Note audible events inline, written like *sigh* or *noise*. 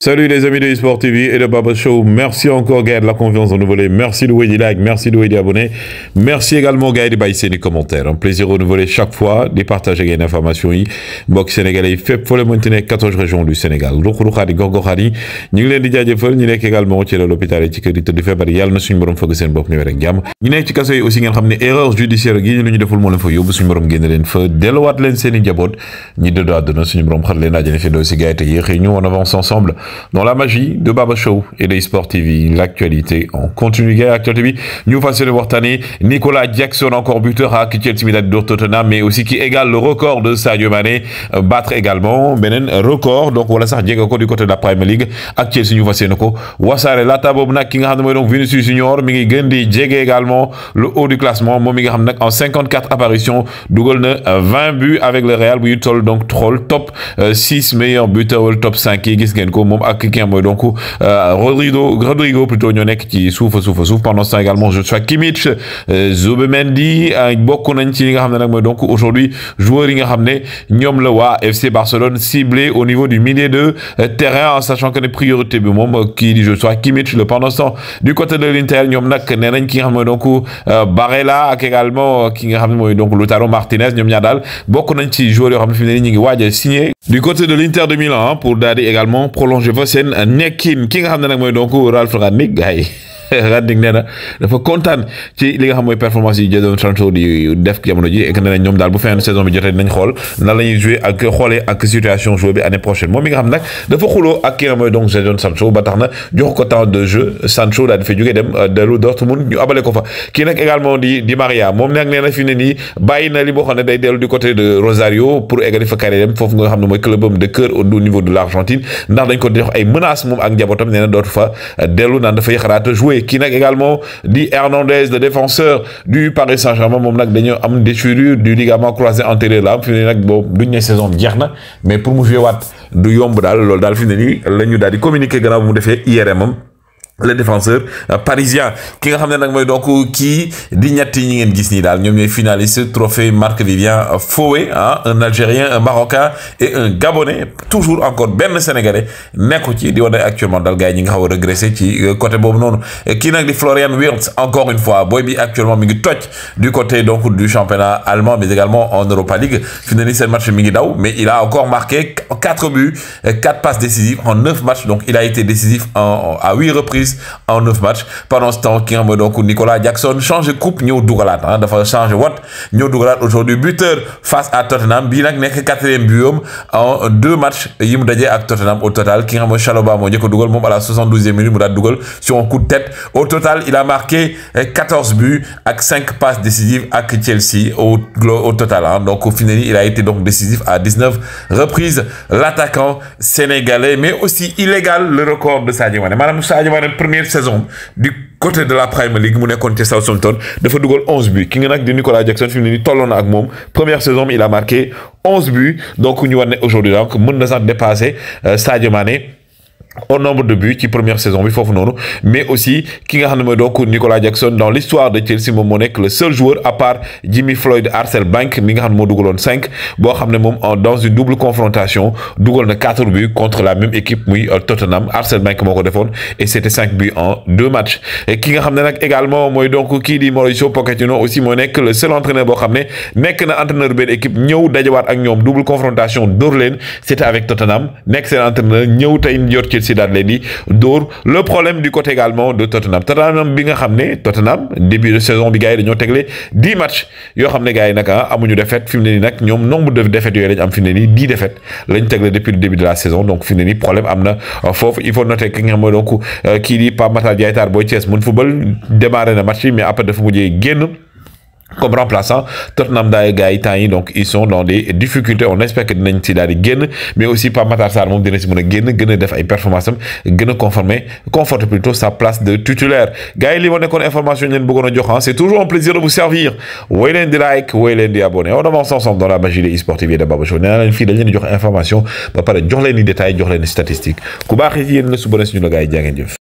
Salut les amis de eSport TV et de Baba Show. Merci encore Gaël de la confiance en voler, Merci de vous des likes, merci de vous des abonner, Merci également Gaël de baisser les commentaires. Un plaisir renouvelé chaque fois de partager les informations. Box Sénégalais, fait pour le maintenir, 14 régions du Sénégal. Rokhoukhadi, Gorgokhadi, ñu ngi leen di jaajëfal ñu nekk également ci l'hôpital yi ci kër yi tëdd feebar fait na suñu borom fëgg seen bopp ñu wér ak jàmm. ñu nekk ci kaso aussi ngeen xam erreur judiciaire gi ñu ñu deful moo leen fa yóbbu suñu borom génn leen fa delluwaat leen seen de njaboot ñi dëddu àdduna suñu borom xar leen daajane fi doo si gaay on avance ensemble dans la magie de Baba Show et des Sport TV. L'actualité en continu. Actual TV, New de Wartani, Nicolas Jackson, encore buteur à Kitchel Timidad de Tottenham, mais aussi qui égale le record de Sadio Mané, euh, battre également Benen record. Donc voilà ça, Diego du côté de la Premier League. Actuel New Fasenoko, Wassare Latabobna, King Hanmoy, donc Vinicius Junior, Mingi Gendi, Diego également, le haut du classement, Momi Momingi en 54 apparitions, Dougalne euh, 20 buts avec le Real, Buyutol, donc troll, top 6 euh, meilleurs buteurs, top 5, Gis donc euh, Rodrigo plutôt Nyonek qui souffre souffre souffre pendant ce temps également je Kimmich euh, Zubimendi Zubemendi euh, avec ci li nga donc aujourd'hui joueur yi nga Nyom Lewa FC Barcelone ciblé au niveau du milieu de terrain en sachant que priorités du monde qui dit je suis Kimmich le pendant ce temps du côté de l'Inter Nyom Nak nee donc Barella également qui nga donc Martinez Nyom Yadal beaucoup joueur nañ ci joueurs yoo signé du côté de l'Inter de Milan hein, pour d'aller également prolonger je vois seen nekkin ki nga xam ne nag mooy donc Ralph Rangnick gars yi *laughs* Randing nee na dafa contane ci li nga xam moy performance yi Jadon Sancho di def jamono ji ek nee na ñoom daal bu fin saison bi jotee nañ xol na la jouer ak xolé ak situation joué bi année prochaine mom mi nga xam nak dafa xulo ak ki nga donc Jadon Sancho ba tax jox ko temps de jeu Sancho daal di fa jógee dem euh, dellu Dortmund ñu abalé ko fa ki nak également di Di Maria mom nak nena fi ne bayina li bo xone day delu di côté de Rosario pour eggali fa carrière dem foofu nga xam moy mooy clubam de cœur au niveau de l'Argentine ndax dañ ko jox ay menaces mom ak njabootam nena na dootu fa euh, dellu naan dafay xalaat jouer et n'a également dit Hernandez, le défenseur du Paris Saint-Germain, mon nak dañu am déchirure du ligament croisé antérieur Là, am fi a saison bi mais pour mu jouer waat du yomb daal loolu daal fi ne nii communiquer bu mu IRM les défenseurs euh, parisiens qui nga xam nak moy donc qui di ñi gis finaliste trophée Marc Vivien Foué ah, un algérien un marocain et un gabonais toujours encore le sénégalais nekku ci di actuellement dans le yi nga xaw a euh, côté bobu non qui Florian Wirtz encore une fois boy actuellement mi ngi du côté donc du championnat allemand mais également en Europa League finaliste ce match mi mais il a encore marqué 4 buts 4 passes décisives en 9 matchs donc il a été décisif à 8 reprises en 9 matchs pendant ce temps qui en donc Nicolas Jackson change de coupe ñëw dugalaat ah hein, dafa changer wat ñëw aujourd'hui buteur face à Tottenham bii que 4 quatrième but en deux matchs il à Tottenham au total qui en xam Chalobah à la 72e minute sur un coup de tête au total il a marqué 14 eh, buts avec 5 passes décisives à Chelsea au, total. Hein. Donc au final, il a été donc décisif à 19 reprises. L'attaquant sénégalais, mais aussi illégal, le record de Sadio Mané. Madame Sadio Mané, première saison du côté de la Premier League Mouné nekkoon ci Southampton de football 11 buts ki de Nicolas Jackson fi de Tolon première saison il a marqué 11 buts donc nous y aujourd'hui donc Mouné na dépassé, dépasser euh, Sadio Mané au nombre de buts qui première saison bi foofu mais aussi ki nga donc Nicolas Jackson dans l'histoire de Chelsea moom le seul joueur à part Jimmy Floyd Arcelbank mi nga xam mo moo 5 cinq boo mom dans une double confrontation dugal na quatre buts contre la même équipe muy euh, Tottenham Arcelbank moo moko defone et c'était 5 buts en 2 matchs et ki nga xam nak également qui donc di Mauricio Pochettino aussi moo le seul entraîneur bo xam nek na entraîneur benn équipe ñëw dajewat ak ñom double confrontation dóor c'était avec Tottenham nek l'entraîneur entraîneur ñëw tay ñor Chelsea le problème du côté également de Tottenham Tottenham bi nga Tottenham début de saison bi matchs. tegle 10 matchs yo xamné gaay défaite a nombre de défaites depuis le début de la saison donc fini, problème il faut noter que donc pas Boy football na match mais après dafa comme remplaçant Tottenham daay yi donc ils sont dans des difficultés on espère que dinañ ci daal mais aussi pas Matar Sarr moom dina si mën a génn def ay performances am conformer conforte plutôt sa place de titulaire gars yi li information ñu leen bëggoon hein, c'est toujours un plaisir de vous servir woy leen de like woy leen di abonné on avance ensemble dans la magie des e-sportifs et de Baba Show nee naa leen jox information ba pare jox leen ni détails jox leen i statistiques ku baax yi yéen la su bëre suñu la